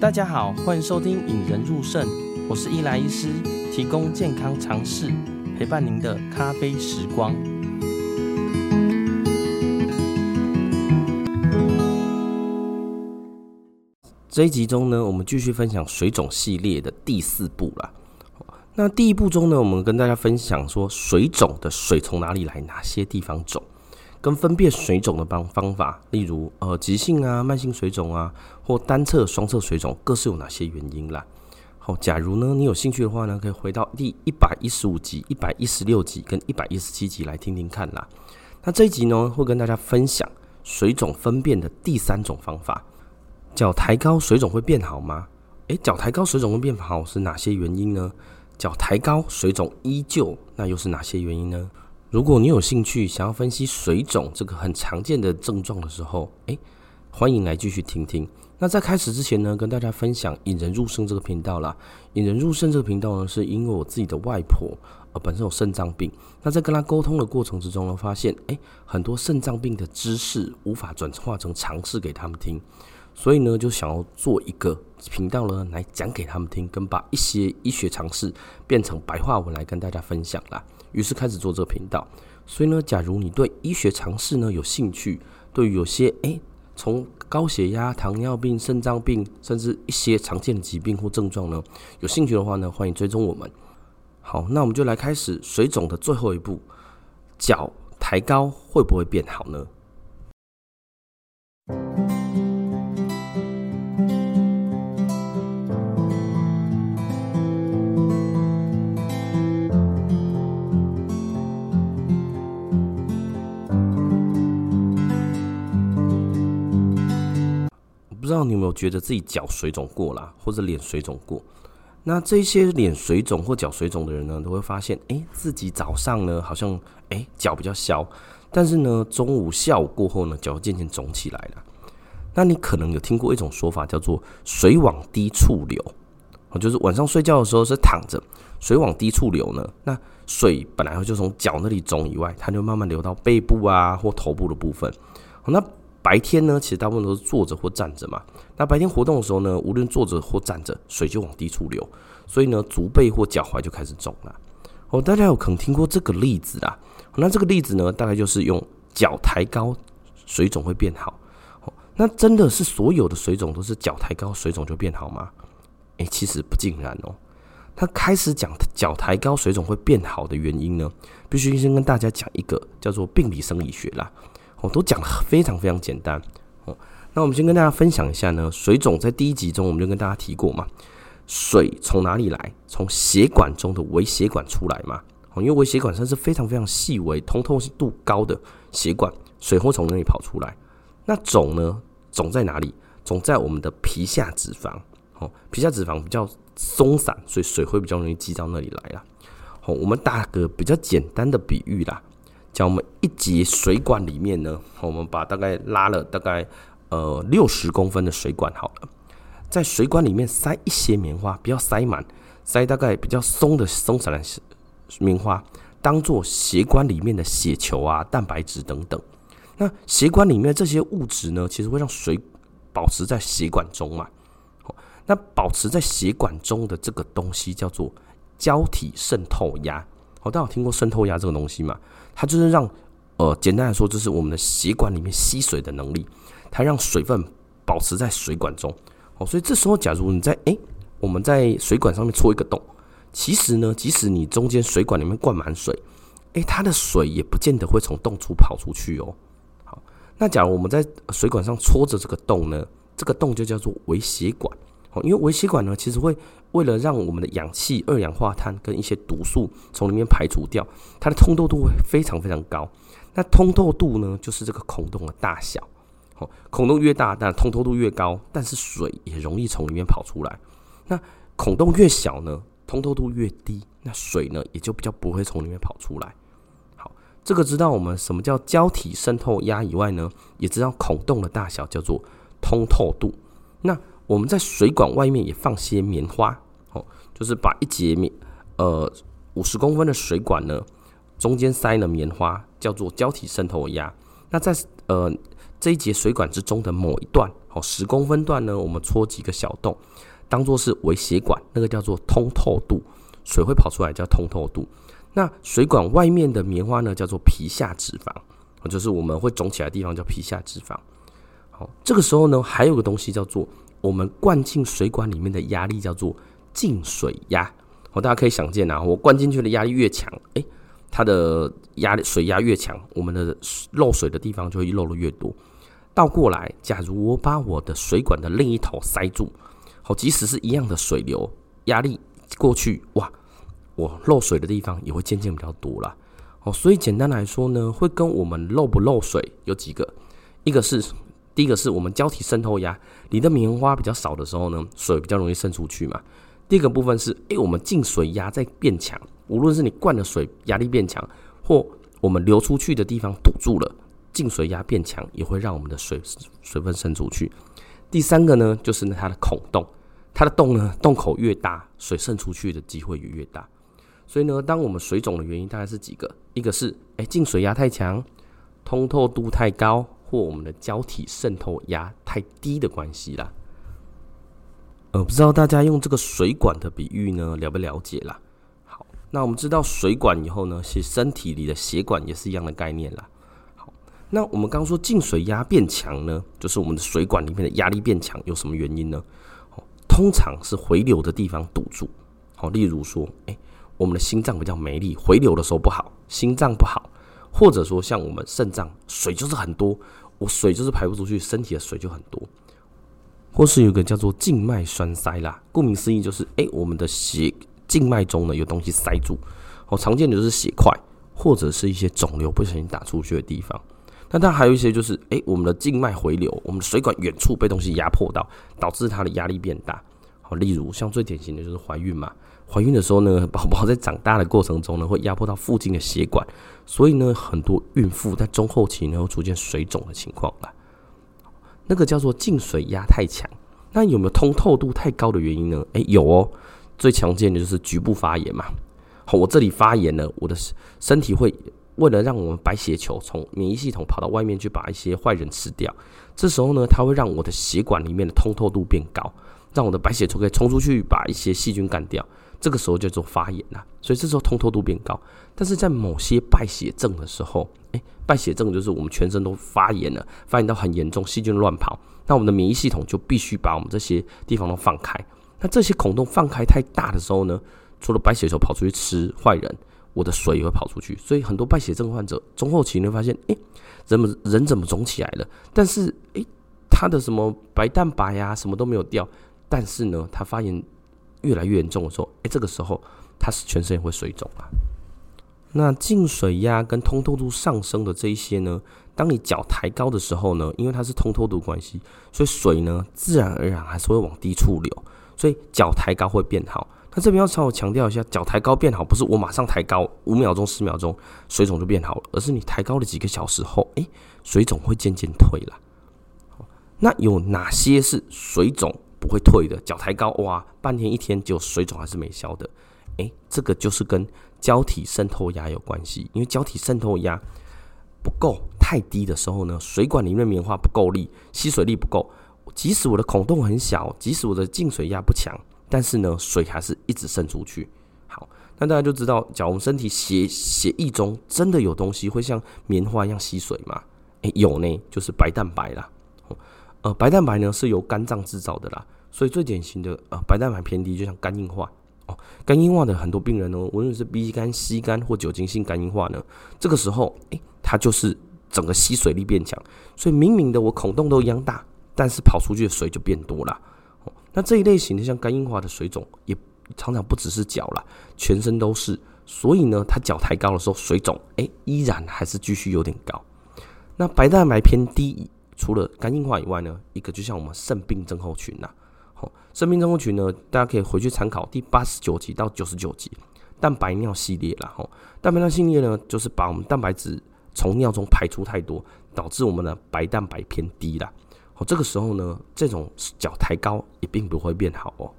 大家好，歡迎收聽《引人入腎》，我是伊萊醫師，提供健康常識，陪伴您的咖啡時光。這一集中呢，我們繼續分享水腫系列的第四部啦。那第一部中呢，我們跟大家分享說水腫的水從哪裡來，哪些地方腫。跟分辨水腫的方方法，例如呃急性啊、慢性水腫啊，或單側、雙側水腫，各是有哪些原因啦？好，假如呢你有興趣的話呢，可以回到第一百一十五集、一百一十六集跟一百一十七集來聽聽看啦。那這一集呢，會跟大家分享水腫分辨的第三種方法，腳抬高水腫會變好嗎？哎、欸，腳抬高水腫會變好是哪些原因呢？腳抬高水腫依舊，那又是哪些原因呢？如果你有興趣想要分析水腫這個很常見的症狀的時候，哎、欸，歡迎來繼續聽聽。那在開始之前呢，跟大家分享“引人入腎”這個頻道啦。引人入腎這個頻道呢，是因為我自己的外婆呃本身有腎臟病，那在跟他溝通的過程之中呢，發現哎、欸，很多腎臟病的知識無法轉化成常識給他們聽，所以呢就想要做一個頻道呢來講給他們聽，跟把一些醫學常識變成白話文來跟大家分享啦。於是開始做這個頻道，所以呢，假如你對醫學常識呢有興趣，對於有些誒從，欸，高血壓、糖尿病、腎臟病，甚至一些常見的疾病或症狀呢，有興趣的話呢，歡迎追蹤我們。好，那我們就來開始水腫的最後一步，腳抬高會不會變好呢？不知道你有沒有覺得自己腳水腫過啦，或者臉水腫過？那這些臉水腫或腳水腫的人呢，都會發現，誒、欸，自己早上呢好像，誒、欸、腳比較小，但是呢，中午、下午過後呢，腳漸漸腫起來了。那你可能有聽過一種說法，叫做“水往低處流”，就是晚上睡覺的時候是躺着，水往低處流呢。那水本來就從腳那裡腫以外，它就慢慢流到背部啊或頭部的部分。那白天呢，其實大部分都是坐着或站着嘛。那白天活動的時候呢，無論坐着或站着，水就往低處流，所以呢，足背或腳踝就開始腫了。哦，大家有可能聽過這個例子啦。那這個例子呢，大概就是用腳抬高，水腫會變好。哦，那真的是所有的水腫都是腳抬高，水腫就變好嗎？誒，其實不盡然哦。他開始講腳抬高水腫會變好的原因呢，必須先跟大家講一個叫做病理生理學啦。我都講了非常非常簡單哦。那我們先跟大家分享一下呢，水腫在第一集中我們就跟大家提過嘛，水從哪裡來？從血管中的微血管出來嘛。哦，因為微血管它是非常非常細微、通透性度高的血管，水會從那裡跑出來。那腫呢？腫在哪裡？腫在我們的皮下脂肪。哦，皮下脂肪比較鬆散，所以水會比較容易積到那裡來啦。好，我們打個比較簡單的比喻啦。將我們一節水管裡面呢，我們把大概拉了大概呃六十公分的水管好了，在水管裡面塞一些棉花，不要塞滿，塞大概比較鬆的鬆散的棉花，當做血管裡面的血球啊、蛋白質等等。那血管裡面的這些物質呢，其實會讓水保持在血管中嘛。那保持在血管中的這個東西叫做膠體滲透壓。好，大家有聽過滲透壓這個東西嘛？它就是讓，呃，簡單來說，就是我們的血管裡面吸水的能力，它讓水分保持在水管中。好，所以這時候，假如你在，誒、欸、我們在水管上面戳一個洞，其實呢，即使你中間水管裡面灌滿水，誒、欸，它的水也不見得會從洞處跑出去哦、喔。好，那假如我們在水管上戳着這個洞呢，這個洞就叫做微血管。因為微血管呢，其實會為了讓我們的氧氣、二氧化碳跟一些毒素從裡面排除掉，它的通透度會非常非常高。那通透度呢，就是這個孔洞的大小。孔洞越大，但通透度越高，但是水也容易從裡面跑出來。那孔洞越小呢，通透度越低，那水呢也就比較不會從裡面跑出來。好，這個知道我們什麼叫膠體滲透壓以外呢，也知道孔洞的大小叫做通透度。那我們在水管外面也放些棉花，哦，就是把一截棉，呃，五十公分的水管呢，中間塞了棉花，叫做膠體滲透壓。那在，呃，這一節水管之中的某一段，哦，十公分段呢，我們戳幾個小洞，當做是微血管，那個叫做通透度，水會跑出來叫通透度。那水管外面的棉花呢，叫做皮下脂肪，就是我們會腫起來的地方叫皮下脂肪。好，這個時候呢，還有個東西叫做。我們灌進水管裡面的壓力叫做靜水壓。哦，大家可以想見吶、啊，我灌進去的壓力越強，誒、欸，它的壓力，水壓越強，我們的漏水的地方就會漏得越多。倒過來，假如我把我的水管的另一頭塞住，好，即使是一樣的水流壓力過去，哇，我漏水的地方也會漸漸比較多了。哦，所以簡單來說呢，會跟我們漏不漏水有幾個，一個是。第一個是我們膠體滲透壓，你的棉花比較少的時候呢，水比較容易滲出去嘛。第二個部分是，誒、欸，我們靜水壓在變強，無論是你灌的水壓力變強，或我們流出去的地方堵住了，靜水壓變強也會讓我們的水水分滲出去。第三個呢，就是呢它的孔洞，它的洞呢，洞口越大，水滲出去的機會也越大。所以呢，當我們水腫的原因大概是幾個，一個是，誒、欸，靜水壓太強，通透度太高。或我們的膠體滲透壓太低的關係啦，呃，不知道大家用這個水管的比喻呢，了不了解啦。好，那我們知道水管以後呢，其實身體裡的血管也是一樣的概念啦。好，那我們剛說靜水壓變強呢，就是我們的水管裡面的壓力變強，有什麼原因呢？通常是回流的地方堵住。好，例如說，誒、欸，我們的心臟比較沒力，回流的時候不好，心臟不好，或者說像我們腎臟水就是很多。我水就是排不出去，身體的水就很多，或是有一個叫做靜脈栓塞啦，顧名思義就是誒、欸、我們的血靜脈中呢有東西塞住，好，常見的就是血塊，或者是一些腫瘤不小心打出去的地方。那它還有一些就是誒、欸、我們的靜脈回流，我們的水管遠處被東西壓迫到，導致它的壓力變大。好，例如像最典型的就是懷孕嘛。懷孕的時候呢，寶寶在長大的過程中呢，會壓迫到附近的血管，所以呢，很多孕婦在中後期呢會出現水腫的情況啊。那個叫做靜水壓太強，那有沒有通透度太高的原因呢？哎、欸，有哦，最常見的就是局部發炎嘛。好，我這裡發炎呢，我的身體會為了讓我們白血球從免疫系統跑到外面去把一些壞人吃掉，這時候呢，它會讓我的血管裡面的通透度變高，讓我的白血球可以衝出去把一些細菌幹掉。這個時候叫做發炎吶，所以這時候通透度變高。但是在某些敗血症的時候，誒，敗血症就是我們全身都發炎了，發炎到很嚴重，細菌亂跑，那我們的免疫系統就必須把我們這些地方都放開。那這些孔洞放開太大的時候呢，除了白血球跑出去吃壞人，我的水也會跑出去。所以很多敗血症患者中後期你會發現，誒，人們人怎麼腫起來了？但是，誒，他的什麼白蛋白呀、啊，什麼都沒有掉，但是呢，他發炎。越來越嚴重的時候，哎、欸，這個時候它是全身也會水腫啊。那靜水壓跟通透度上升的這一些呢，當你腳抬高的時候呢，因為它是通透度關係，所以水呢自然而然還是會往低處流，所以腳抬高會變好。那這邊要稍微強調一下，腳抬高變好不是我馬上抬高五秒鐘、十秒鐘水腫就變好了，而是你抬高了幾個小時後，哎、欸，水腫會漸漸退了。那有哪些是水腫？不會退的，腳抬高，哇，半天一天就水腫還是沒消的，哎，這個就是跟膠體滲透壓有關係，因為膠體滲透壓不夠太低的時候呢，水管裡面棉花不夠力，吸水力不夠，即使我的孔洞很小，即使我的靜水壓不強，但是呢，水還是一直滲出去。好，那大家就知道，假如我們身體血血液中真的有東西會像棉花一樣吸水嗎？哎，有呢，就是白蛋白啦。呃，白蛋白呢是由肝臟製造的啦，所以最典型的呃，白蛋白偏低就像肝硬化哦。肝硬化的很多病人呢，無論是 B 肝、C 肝或酒精性肝硬化呢，這個時候誒、欸，它就是整個吸水力變強，所以明明的我孔洞都一樣大，但是跑出去的水就變多啦哦，那這一類型的像肝硬化的水腫，也常常不只是腳啦，全身都是。所以呢，它腳抬高的時候水腫，誒、欸，依然還是繼續有點高。那白蛋白偏低。除了肝硬化以外呢，一個就像我們腎病症候群啦，好、哦，腎病症候群呢，大家可以回去參考第八十九集到九十九集蛋白尿系列啦，吼、哦，蛋白尿系列呢，就是把我們蛋白質從尿中排出太多，導致我們的白蛋白偏低啦。哦，這個時候呢，這種腳抬高也並不會變好哦。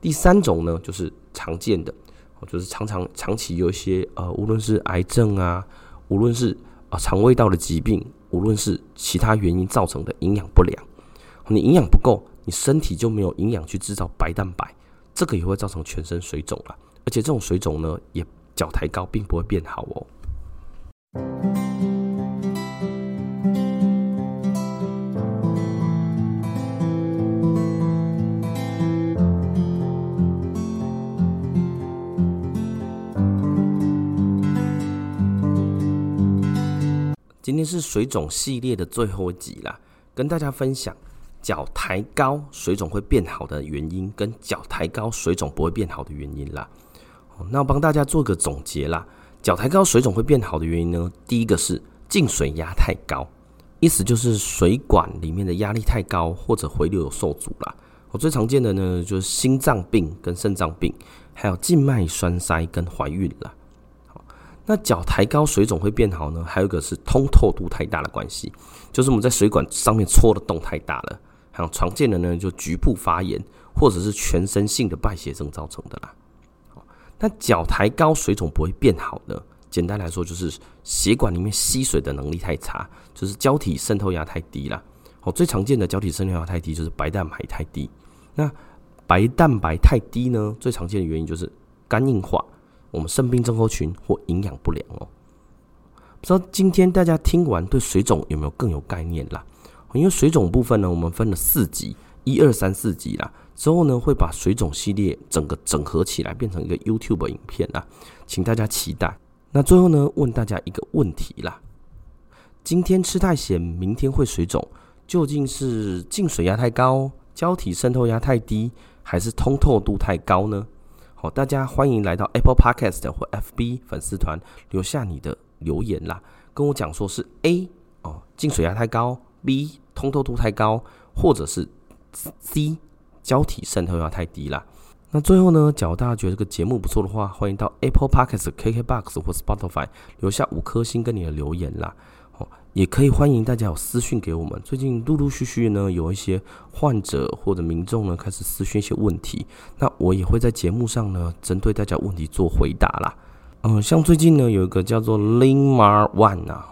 第三種呢，就是常見的，哦，就是常常長期有一些呃，無論是癌症啊，無論是啊、呃、腸胃道的疾病。無論是其他原因造成的營養不良，你營養不夠，你身體就沒有營養去製造白蛋白，這個也會造成全身水腫了啊。而且這種水腫呢，也腳抬高並不會變好哦。今天是水腫系列的最後一集啦，跟大家分享腳抬高水腫會變好的原因，跟腳抬高水腫不會變好的原因啦。好，那我幫大家做個總結啦，腳抬高水腫會變好的原因呢，第一個是靜水壓太高，意思就是水管裡面的壓力太高，或者回流有受阻啦。我最常見的呢，就是心臟病跟腎臟病，還有靜脈栓塞跟懷孕了。那腳抬高水腫會變好呢？還有一個是通透度太大的關係，就是我們在水管上面戳的洞太大了。很常見的呢，就局部發炎或者是全身性的敗血症造成的啦。好，那腳抬高水腫不會變好呢？簡單來說就是血管裡面吸水的能力太差，就是膠體滲透壓太低啦。好，最常見的膠體滲透壓太低就是白蛋白太低。那白蛋白太低呢？最常見的原因就是肝硬化。我們腎病症候群或營養不良哦。不知道今天大家聽完對水腫有沒有更有概念啦？因為水腫部分呢，我們分了四集，一二三四集啦。之後呢，會把水腫系列整個整合起來，變成一個 YouTube 影片啦，請大家期待。那最後呢，問大家一個問題啦：今天吃太鹹，明天會水腫，究竟是靜水壓太高、膠體滲透壓太低，還是通透度太高呢？好，大家歡迎來到 Apple Podcast 或 FB 粉絲團，留下你的留言啦。跟我講說是 A 哦，靜水壓太高；B 通透度太高，或者是 C 膠體滲透壓太低啦。那最後呢，假如大家覺得這個節目不錯的話，歡迎到 Apple Podcast、KK Box 或 Spotify 留下五顆星跟你的留言啦。也可以歡迎大家有私訊給我們。最近陸陸續續呢，有一些患者或者民眾呢開始私訊一些問題，那我也會在節目上呢針對大家問題做回答啦。嗯，像最近呢有一個叫做 Ling Mar One 啊，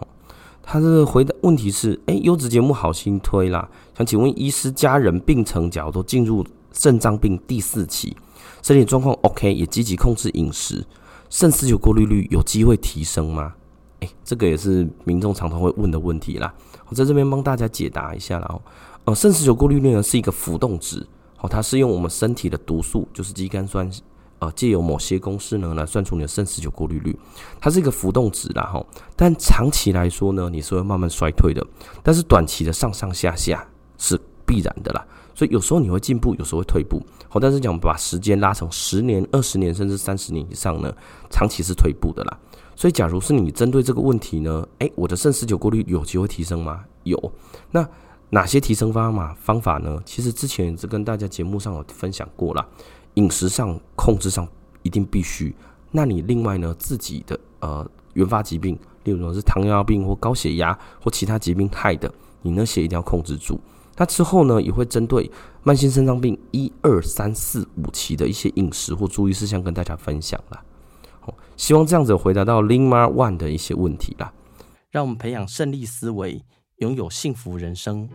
他的回答問題是：哎，優質節目好心推啦，想請問醫師，家人病程角度進入腎臟病第四期，身體狀況 OK，也積極控制飲食，腎絲球過濾率有機會提升嗎？哎，這個也是民眾常常會問的問題啦。我在這邊幫大家解答一下嘍。呃，腎絲球過濾率呢是一個浮動值，哦，它是用我們身體的毒素，就是肌酐酸，呃，借由某些公式呢來算出你的腎絲球過濾率。它是一個浮動值啦，吼，但長期來說呢，你是會慢慢衰退的。但是短期的上上下下是必然的啦。所以有時候你會進步，有時候會退步，好，但是講把時間拉成十年、二十年甚至三十年以上呢，長期是退步的啦。所以，假如是你針對這個問題呢，哎、欸，我的腎絲球過濾有機會提升嗎？有。那哪些提升方法方法呢？其實之前就跟大家節目上有分享過啦，飲食上控制上一定必須。那你另外呢，自己的呃原發疾病，例如說是糖尿病或高血壓或其他疾病害的，你那些一定要控制住。那之後呢，也會針對慢性腎臟病一、二、三、四、五期的一些飲食或注意事項跟大家分享啦。希望這樣子回答到 Lima One 的一些問題啦，讓我們培養腎利思維，擁有幸福人生。